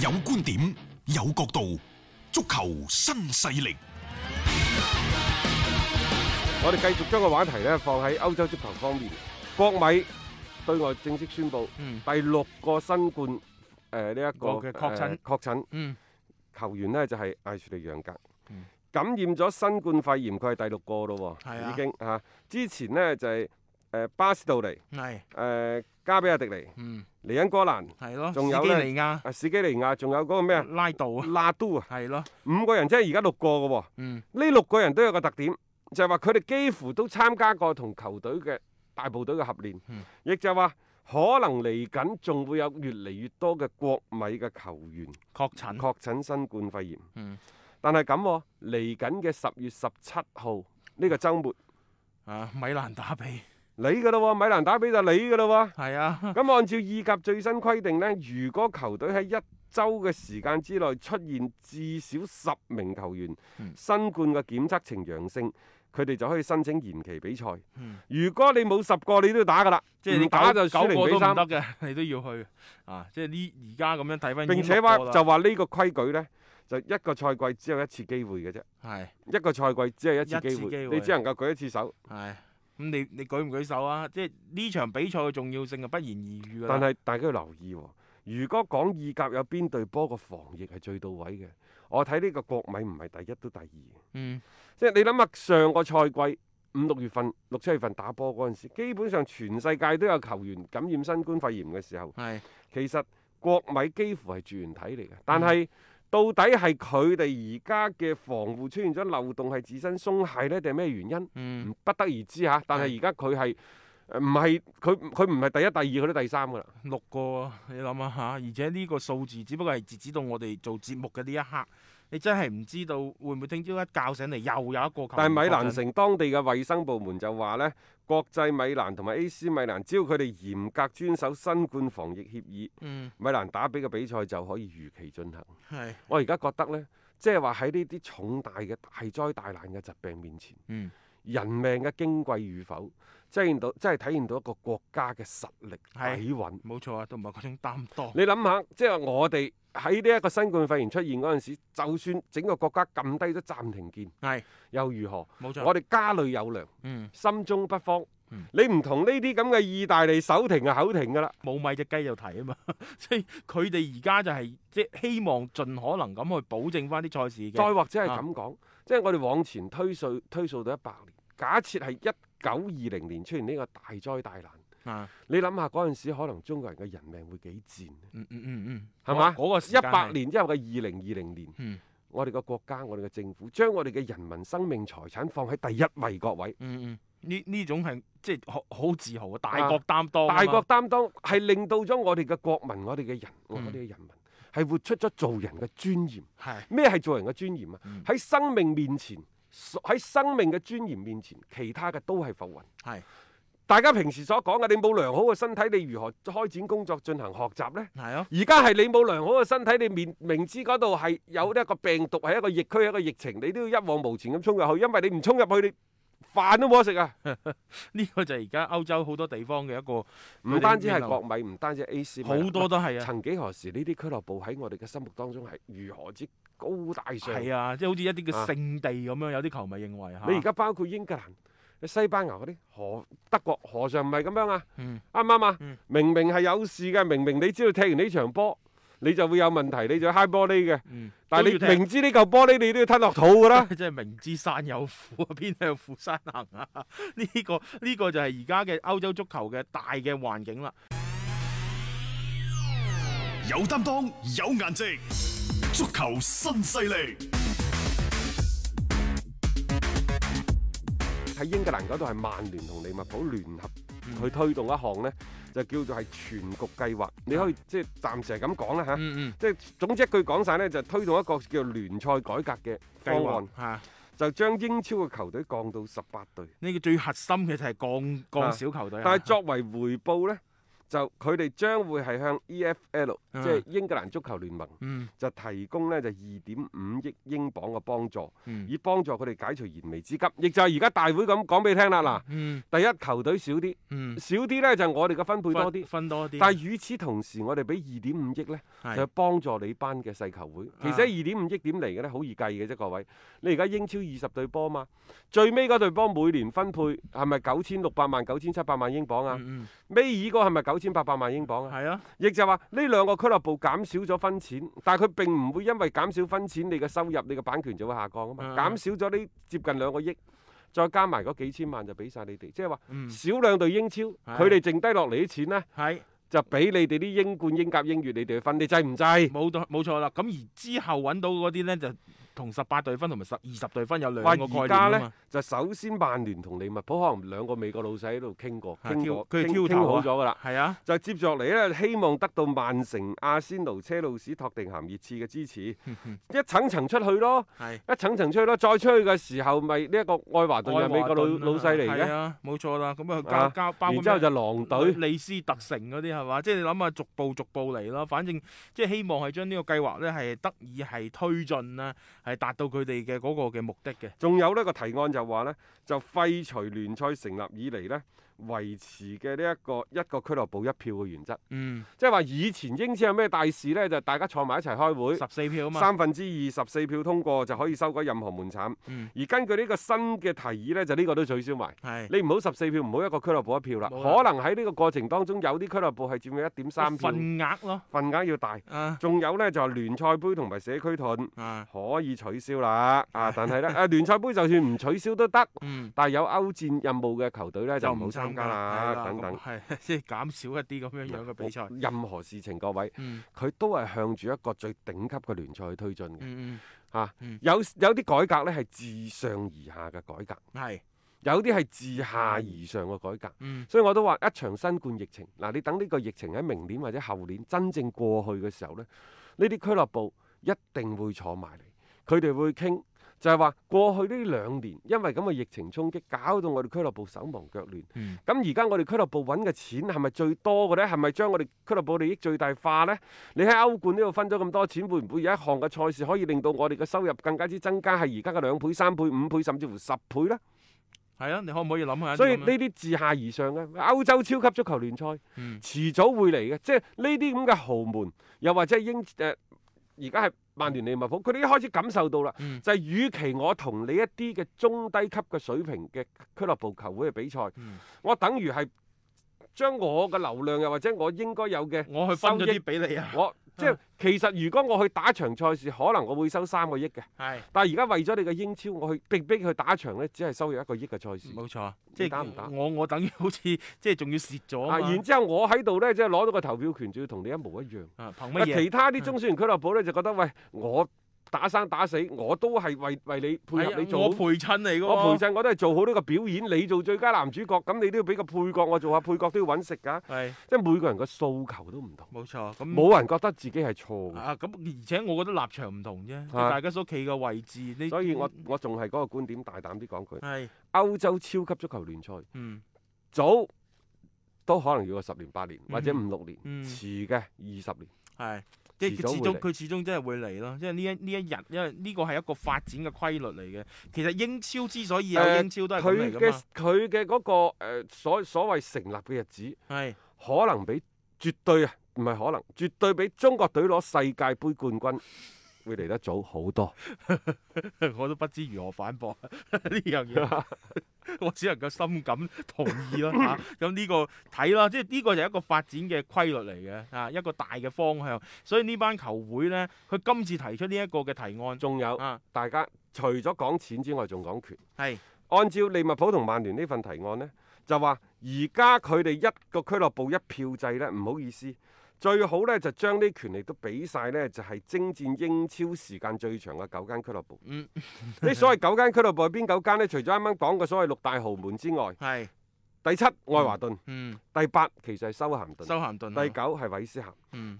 有觀點，有角度，足球新勢力。我哋繼續將個話題咧放喺歐洲足球方面。國米對外正式宣布，第六個新冠誒呢一個確診，確診、呃嗯、球員咧就係艾斯利楊格，嗯、感染咗新冠肺炎，佢係第六個咯，的已經啊。之前呢，就係、是、誒、呃、巴斯杜尼。係、呃、誒。加比亞迪尼，嚟緊哥蘭，係咯，史基尼亞，啊史基尼亞，仲有嗰個咩拉杜拉都啊，係咯，五個人即係而家六個嘅喎，嗯，呢六個人都有個特點，就係話佢哋幾乎都參加過同球隊嘅大部隊嘅合練，嗯，亦就話可能嚟緊仲會有越嚟越多嘅國米嘅球員確診，確診新冠肺炎，嗯，但係咁嚟緊嘅十月十七號呢個周末，啊米蘭打比。你噶啦，米蘭打比就你噶啦，係啊。咁按照意甲最新規定呢，如果球隊喺一周嘅時間之內出現至少十名球員、嗯、新冠嘅檢測呈陽性，佢哋就可以申請延期比賽。嗯、如果你冇十個，你都要打噶啦，即係你打就九個都唔得嘅， 你都要去啊。即係呢而家咁樣睇翻，並且話就話呢個規矩呢，就一個賽季只有一次機會嘅啫。係是一個賽季只係一次機會，機會你只能夠舉一次手。係。咁你你舉唔舉手啊？即係呢場比賽嘅重要性就不言而喻啦。但係大家要留意，哦，如果講意甲有邊隊波個防疫係最到位嘅，我睇呢個國米唔係第一都第二。嗯。即係你諗下，上個賽季五六月份，六七月份打波嗰陣時，基本上全世界都有球員感染新冠肺炎嘅時候，係是。其實國米幾乎係住原體嚟嘅，但係。嗯到底係佢哋而家嘅防護出現咗漏洞，係自身鬆懈呢定係咩原因？嗯，不得而知吓。但係而家佢係唔係佢佢唔係第一、第二佢都第三噶啦，六個你諗下吓。而且呢個數字只不過係截止到我哋做節目嘅呢一刻，你真係唔知道會唔會聽朝一覺醒嚟又有一個。但係米蘭城當地嘅衛生部門就話呢。國際米蘭同埋 A.C. 米蘭，只要佢哋嚴格遵守新冠防疫協議，嗯、米蘭打比嘅比賽就可以如期進行。係是我而家覺得呢，即係話喺呢啲重大嘅大災大難嘅疾病面前，嗯、人命嘅矜貴與否。即係到，即係體現到一個國家嘅實力底蘊，冇錯啊，同埋嗰種擔當。你諗下，即係我哋喺呢一個新冠肺炎出現嗰陣時，就算整個國家咁低都暫停鍵，係是又如何？冇錯，我哋家裏有糧，嗯，心中不慌。嗯、你唔同呢啲咁嘅意大利手停啊，口停㗎啦，冇米隻雞就提啊嘛。即 所以佢哋而家就係即係希望盡可能咁去保證翻啲賽事。再或者係咁講，啊、即係我哋往前推數推數到一百年，假設係一九二零年出現呢個大災大難，你諗下嗰陣時，可能中國人嘅人命會幾賤？嗯嗯嗯嗯，係嘛？嗰一百年之後嘅二零二零年，我哋個國家，我哋嘅政府將我哋嘅人民生命財產放喺第一位，各位，嗯嗯，呢呢種係即係好自豪啊！大國擔當，大國擔當係令到咗我哋嘅國民，我哋嘅人，我哋嘅人民係活出咗做人嘅尊嚴。咩係做人嘅尊嚴啊？喺生命面前。喺生命嘅尊嚴面前，其他嘅都係浮雲。係是大家平時所講嘅，你冇良好嘅身體，你如何開展工作、進行學習呢？哦，係咯。而家係你冇良好嘅身體，你面明，明知嗰度係有一個病毒，係一個疫區，一個疫情，你都要一往無前咁衝入去，因為你唔衝入去，你飯都冇得食啊！呢 個就係而家歐洲好多地方嘅一個，唔單止係國米，唔單止 AC，好多都係啊、呃！曾幾何時呢啲俱樂部喺我哋嘅心目當中係如何之？高大上係啊，即係好似一啲嘅聖地咁樣，啊、有啲球迷認為嚇。啊、你而家包括英格蘭、西班牙嗰啲荷、德國，何嘗唔係咁樣啊？嗯，啱唔啱啊？嗯、明明係有事嘅，明明你知道踢完呢場波，你就會有問題，你就要嗨玻璃嘅。嗯，但係你明知呢嚿玻璃，你都、嗯、要吞落肚噶啦。真係明知山有虎，偏向虎山行啊！呢、這個呢、這個就係而家嘅歐洲足球嘅大嘅環境啦。有擔當，有顏值。足球新勢力，喺英格蘭嗰度係曼聯同利物浦聯合去推動一項咧，就叫做係全局計劃。你可以即係暫時係咁講啦嚇，嗯，嗯，即係總之一句講晒咧，就推動一個叫聯賽改革嘅方案嚇，就將英超嘅球隊降到十八隊。呢個最核心嘅就係降降少球隊，但係作為回報咧。就佢哋將會係向 EFL，即係英格蘭足球聯盟，嗯、就提供呢就二點五億英鎊嘅幫助，嗯、以幫助佢哋解除燃眉之急。亦就係而家大會咁講俾你聽啦。嗱，嗯、第一球隊少啲，少啲呢就我哋嘅分配多啲，分多啲。但係與此同時，我哋俾二點五億呢，就幫助你班嘅細球會。嗯、其實二點五億點嚟嘅呢，好易計嘅啫，各位。你而家英超二十隊波嘛，最尾嗰隊波每年分配係咪九千六百萬、九千七百萬英鎊啊？嗯尾二個係咪九千八百萬英鎊啊？係啊，亦就話呢兩個俱樂部減少咗分錢，但係佢並唔會因為減少分錢，你嘅收入、你嘅版權就會下降啊嘛。減少咗呢接近兩個億，再加埋嗰幾千萬就俾晒你哋，即係話少兩隊英超，佢哋、啊、剩低落嚟啲錢咧，啊、就俾你哋啲英冠、英甲英、英乙你哋去分，你制唔制？冇錯，冇錯啦。咁而之後揾到嗰啲呢，就。同十八隊分同埋十二十隊分有兩個概念呢，就首先曼聯同利物浦可能兩個美國老細喺度傾過傾過，佢哋傾好咗噶啦。係啊，就接着嚟咧，希望得到曼城、阿仙奴、車路士、托定咸、熱刺嘅支持，一層層出去咯，一層層出去咯。再出去嘅時候，咪呢一個愛華頓嘅美國老老細嚟嘅。冇錯啦，咁啊交交包。然之後就狼隊、利斯特城嗰啲係嘛？即係你諗下逐步逐步嚟咯。反正即係希望係將呢個計劃咧係得以係推進啦。係達到佢哋嘅嗰個嘅目的嘅。仲有呢個提案，就話呢，就廢除聯賽成立以嚟呢。維持嘅呢一個一個俱樂部一票嘅原則，即係話以前英超有咩大事呢？就大家坐埋一齊開會，十四票嘛，三分之二十四票通過就可以修改任何門檻，而根據呢個新嘅提議呢，就呢個都取消埋，你唔好十四票，唔好一個俱樂部一票啦，可能喺呢個過程當中有啲俱樂部係佔有一點三票，份額咯，份額要大，仲有呢，就係聯賽杯同埋社區盾，可以取消啦，啊，但係呢，誒聯賽杯就算唔取消都得，但係有歐戰任務嘅球隊呢，就唔好參啦，啊啊、等等，嗯啊嗯、即係減少一啲咁樣樣嘅比賽。任何事情，各位，佢都係向住一個最頂級嘅聯賽去推進嘅。嚇、嗯嗯啊，有有啲改革呢係自上而下嘅改革，係是有啲係自下而上嘅改革。嗯嗯、所以我都話，一場新冠疫情嗱、啊，你等呢個疫情喺明年或者後年真正過去嘅時候呢，呢啲俱樂部一定會坐埋嚟，佢哋會傾。就係話過去呢兩年，因為咁嘅疫情衝擊，搞到我哋俱樂部手忙腳亂。咁而家我哋俱樂部揾嘅錢係咪最多嘅呢？係咪將我哋俱樂部利益最大化呢？你喺歐冠呢度分咗咁多錢，會唔會有一項嘅賽事可以令到我哋嘅收入更加之增加？係而家嘅兩倍、三倍、五倍，甚至乎十倍呢？係啊，你可唔可以諗下？所以呢啲自下而上嘅歐洲超級足球聯賽、嗯、遲早會嚟嘅。即係呢啲咁嘅豪門，又或者係英誒而家係。呃曼聯、利物浦，佢哋一開始感受到啦，嗯、就係與其我同你一啲嘅中低級嘅水平嘅俱樂部球會嘅比賽，嗯、我等於係將我嘅流量又或者我應該有嘅，我去分咗啲俾你啊。我即係其實如果我去打場賽事，可能我會收三個億嘅係，是的 但係而家為咗你嘅英超，我去逼逼佢打場咧只係收入一個億嘅賽事。冇錯，即係打唔打？我我等於好似即係仲要蝕咗、啊、然之後我喺度咧，即係攞到個投票權，仲要同你一模一樣啊！憑乜嘢？其他啲中小型俱樂部咧，啊、就覺得喂我。打生打死，我都係為為你配合，你做我陪襯你噶。我陪襯，我都係做好呢個表演。你做最佳男主角，咁你都要俾個配角，我做下配角都要搵食噶。即係每個人嘅訴求都唔同。冇錯，咁冇人覺得自己係錯嘅。咁而且我覺得立場唔同啫，大家所企嘅位置，所以我我仲係嗰個觀點，大膽啲講句。係歐洲超級足球聯賽，嗯，早都可能要個十年八年，或者五六年，遲嘅二十年。係。佢始終佢始終真係會嚟咯，即係呢一呢一日，因為呢個係一個發展嘅規律嚟嘅。其實英超之所以有英超都係嚟㗎嘛。佢嘅佢嘅嗰個、呃、所所謂成立嘅日子係是可能比絕對啊，唔係可能，絕對比中國隊攞世界盃冠軍會嚟得早好多。 我都不知如何反駁呢樣嘢。 我只能夠深感同意啦嚇，咁呢、 啊這個睇啦，即係呢個就係一個發展嘅規律嚟嘅，啊一個大嘅方向，所以呢班球會呢，佢今次提出呢一個嘅提案，仲有，啊大家除咗講錢之外，仲講權，係是按照利物浦同曼聯呢份提案呢，就話而家佢哋一個俱樂部一票制呢，唔好意思。最好咧就將啲權利都俾晒。呢就係征戰英超時間最長嘅九間俱樂部。嗯，啲所謂九間俱樂部係邊九間呢？除咗啱啱講嘅所謂六大豪門之外，係第七愛華頓，嗯，第八其實係修咸頓，修咸頓，第九係韋斯咸，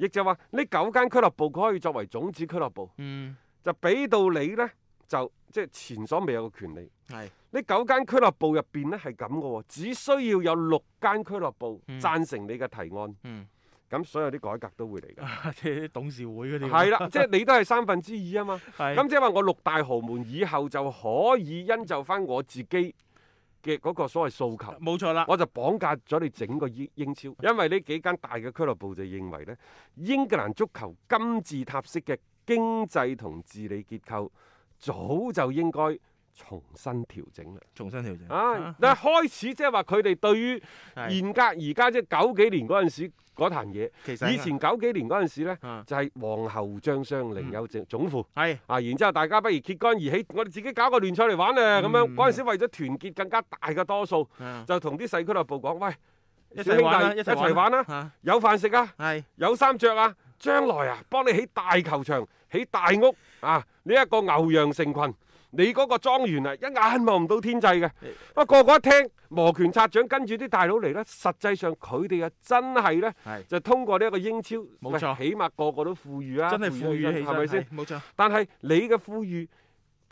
亦就係話呢九間俱樂部佢可以作為種子俱樂部，嗯，就俾到你呢，就即係前所未有嘅權利。係呢九間俱樂部入邊呢，係咁嘅喎，只需要有六間俱樂部贊成你嘅提案。咁所有啲改革都會嚟㗎，即係 董事會嗰啲。係 啦，即係你都係三分之二啊嘛。咁 是的 即係話我六大豪門以後就可以因就翻我自己嘅嗰個所謂訴求。冇錯啦，我就綁架咗你整個英英超，因為呢幾間大嘅俱樂部就認為呢英格蘭足球金字塔式嘅經濟同治理結構早就應該，重新調整啦！重新調整啊！但係開始即係話佢哋對於嚴格而家即係九幾年嗰陣時嗰壇嘢，其實以前九幾年嗰陣時咧，就係王侯將相寧有種乎係啊，然之後大家不如揭竿而起，我哋自己搞個聯賽嚟玩啊！咁樣嗰陣時為咗團結更加大嘅多數，就同啲細俱樂部講，喂，小兄弟，一齊玩啦，有飯食啊，係有衫着啊，將來啊，幫你起大球場，起大屋啊，呢一個牛羊成群。你嗰個莊園啊，一眼望唔到天際嘅，不過是個個一聽，磨拳擦掌，跟住啲大佬嚟呢，實際上佢哋啊真係呢，是就通過呢一個英超，冇錯，起碼個個都富裕啊。真係，富裕起身，係咪先？冇錯。但係你嘅富裕。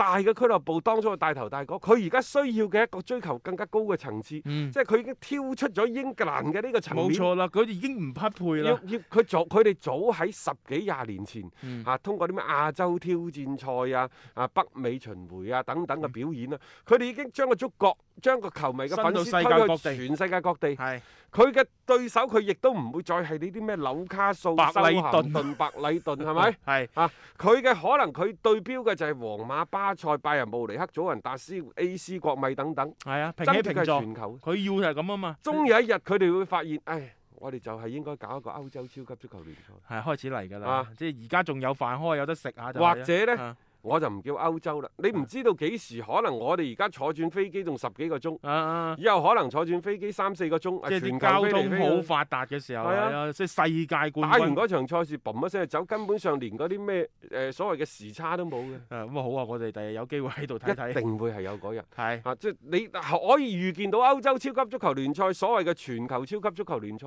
大嘅俱樂部當初嘅大頭大哥，佢而家需要嘅一個追求更加高嘅層次，嗯、即係佢已經跳出咗英格蘭嘅呢個層次。冇錯啦，佢哋已經唔匹配啦。要要佢早，佢哋早喺十幾廿年前嚇、嗯啊，通過啲咩亞洲挑戰賽啊、啊北美巡迴啊等等嘅表演啦，佢哋、嗯、已經將個觸角、將個球迷嘅粉絲推到全世界各地。佢嘅對手佢亦都唔會再係呢啲咩紐卡素、白禮頓、白禮頓係咪？係啊，佢嘅可能佢對標嘅就係皇馬、巴塞、拜仁慕尼黑、祖雲達斯、A.C. 國米等等。係啊，平起平坐，全球佢要就係咁啊嘛。終有一日佢哋會發現，唉，我哋就係應該搞一個歐洲超級足球聯賽。係、啊、開始嚟㗎啦，啊、即係而家仲有飯開，有得食啊、就係。或者呢？啊啊我就唔叫歐洲啦，你唔知道幾時、啊、可能我哋而家坐轉飛機仲十幾個鐘，啊啊、以後可能坐轉飛機三四個鐘，即係交通好發達嘅時候，係啊，即係世界冠軍。打完嗰場賽事，嘣一聲就走，根本上連嗰啲咩誒所謂嘅時差都冇嘅。咁啊、嗯、好啊，我哋第日有機會喺度睇睇。一定會係有嗰日。係 是啊，即係你可以預見到歐洲超級足球聯賽所謂嘅全球超級足球聯賽，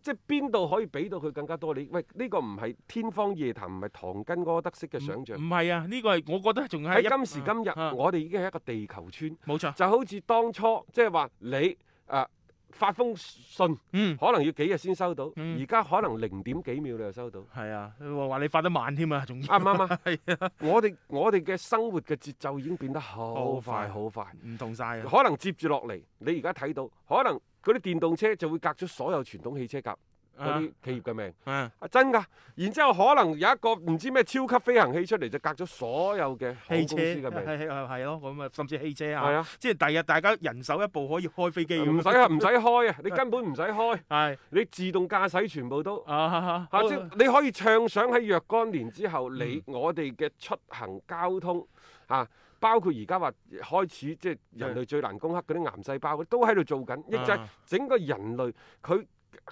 即係邊度可以俾到佢更加多？你喂呢、這個唔係天方夜譚，唔係唐吉訶德式嘅想象，唔係、嗯、啊，呢、這個。我覺得仲喺今時今日，啊啊、我哋已經係一個地球村，冇錯。就好似當初，即係話你誒、啊、發封信，嗯、可能要幾日先收到，而家、嗯、可能零點幾秒你就收到。係、嗯、啊，話話你發得慢添啊，仲要，啱唔啱啊！啊我哋我哋嘅生活嘅節奏已經變得好快好快，唔 同晒。啊！可能接住落嚟，你而家睇到，可能嗰啲電動車就會隔咗所有傳統汽車㗎。啲企業嘅命，啊真噶，然之後可能有一個唔知咩超級飛行器出嚟就隔咗所有嘅航空公司嘅命，係咯咁啊，甚至汽車啊，即係第日大家人手一部可以開飛機唔使唔使開啊，你根本唔使開，係你自動駕駛全部都啊，即你可以暢想喺若干年之後，你我哋嘅出行交通啊，包括而家話開始即係人類最難攻克嗰啲癌細胞，都喺度做緊，亦即係整個人類佢。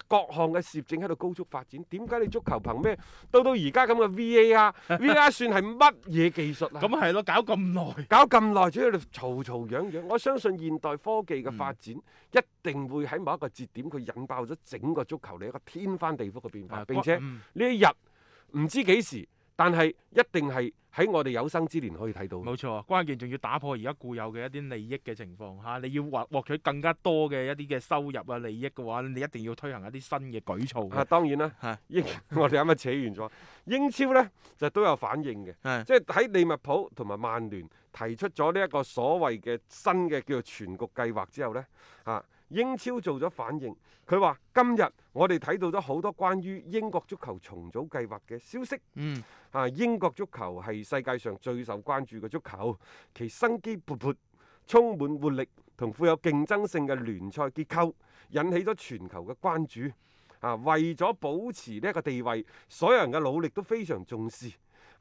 各項嘅攝政喺度高速發展，點解你足球憑咩？到到而家咁嘅 VAR，VAR 算係乜嘢技術啊？咁係咯，嗯、搞咁耐，搞咁耐，主要係嘈嘈嚷嚷。我相信現代科技嘅發展，一定會喺某一個節點，佢引爆咗整個足球，你一個天翻地覆嘅變化，啊嗯、並且呢一日唔知幾時。但係一定係喺我哋有生之年可以睇到。冇錯，關鍵仲要打破而家固有嘅一啲利益嘅情況嚇、啊，你要獲獲取更加多嘅一啲嘅收入啊利益嘅話，你一定要推行一啲新嘅舉措。啊，當然啦是， 英我哋啱啱扯完咗英超咧，就都有反應嘅，即係喺利物浦同埋曼聯提出咗呢一個所謂嘅新嘅叫做全局計劃之後咧，啊。英超做咗反應，佢話今日我哋睇到咗好多關於英國足球重組計劃嘅消息。嗯，啊，英國足球係世界上最受關注嘅足球，其生機勃勃、充滿活力同富有競爭性嘅聯賽結構，引起咗全球嘅關注。啊，為咗保持呢個地位，所有人嘅努力都非常重視。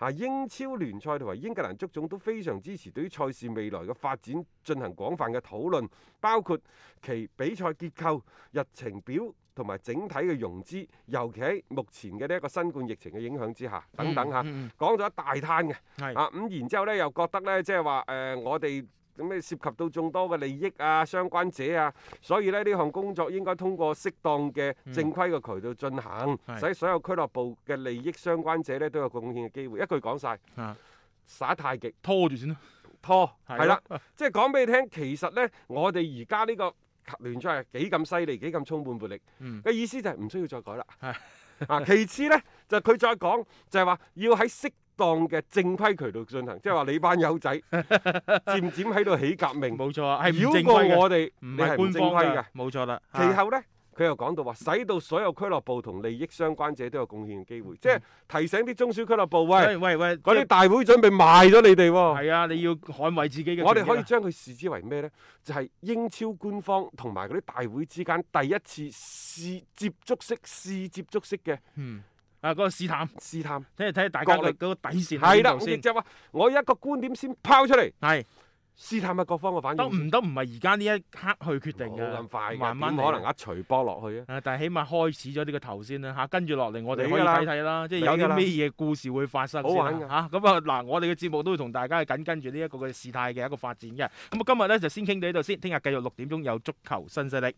啊！英超聯賽同埋英格蘭足總都非常支持，對於賽事未來嘅發展進行廣泛嘅討論，包括其比賽結構、日程表同埋整體嘅融資，尤其喺目前嘅呢一個新冠疫情嘅影響之下等等嚇，講咗，嗯嗯啊、一大攤嘅。是啊，咁、嗯、然之後咧，又覺得咧，即係話誒，我哋。咁你涉及到眾多嘅利益啊、相關者啊，所以咧呢項工作應該通過適當嘅正規嘅渠道進行，使所有俱樂部嘅利益相關者咧都有貢獻嘅機會。一句講晒，耍太極拖住先咯，拖係啦。即係講俾你聽，其實咧我哋而家呢個聯賽係幾咁犀利，幾咁充滿活力。嘅意思就係唔需要再改啦。啊，其次咧就係佢再講就係話要喺適當嘅正規渠道進行，即係話你班友仔 漸漸喺度起革命，冇錯，係唔正規嘅，唔係官方嘅，冇錯啦。其後呢，佢又講到話，使到所有俱樂部同利益相關者都有貢獻嘅機會，嗯、即係提醒啲中小俱樂部喂喂，嗰啲大會準備賣咗你哋喎，係啊，你要捍衞自己嘅。我哋可以將佢視之為咩呢？就係、是、英超官方同埋嗰啲大會之間第一次試，試接觸式、試接觸式嘅。嗯。啊，個試探，試探，睇下睇下大家嘅個底線係咪先？即係話我一個觀點先拋出嚟，係試探下各方嘅反應。都唔得唔係而家呢一刻去決定嘅，冇咁快，慢慢可能一錘波落去啊！但係起碼開始咗呢個頭先、啊、啦，吓跟住落嚟我哋可以睇睇啦，即係有啲咩嘢故事會發生先吓咁啊，嗱、啊啊，我哋嘅節目都會同大家緊跟住呢一個嘅事態嘅一個發展嘅。咁啊，今日咧就先傾到呢度先，聽日繼續六點鐘有足球新勢力。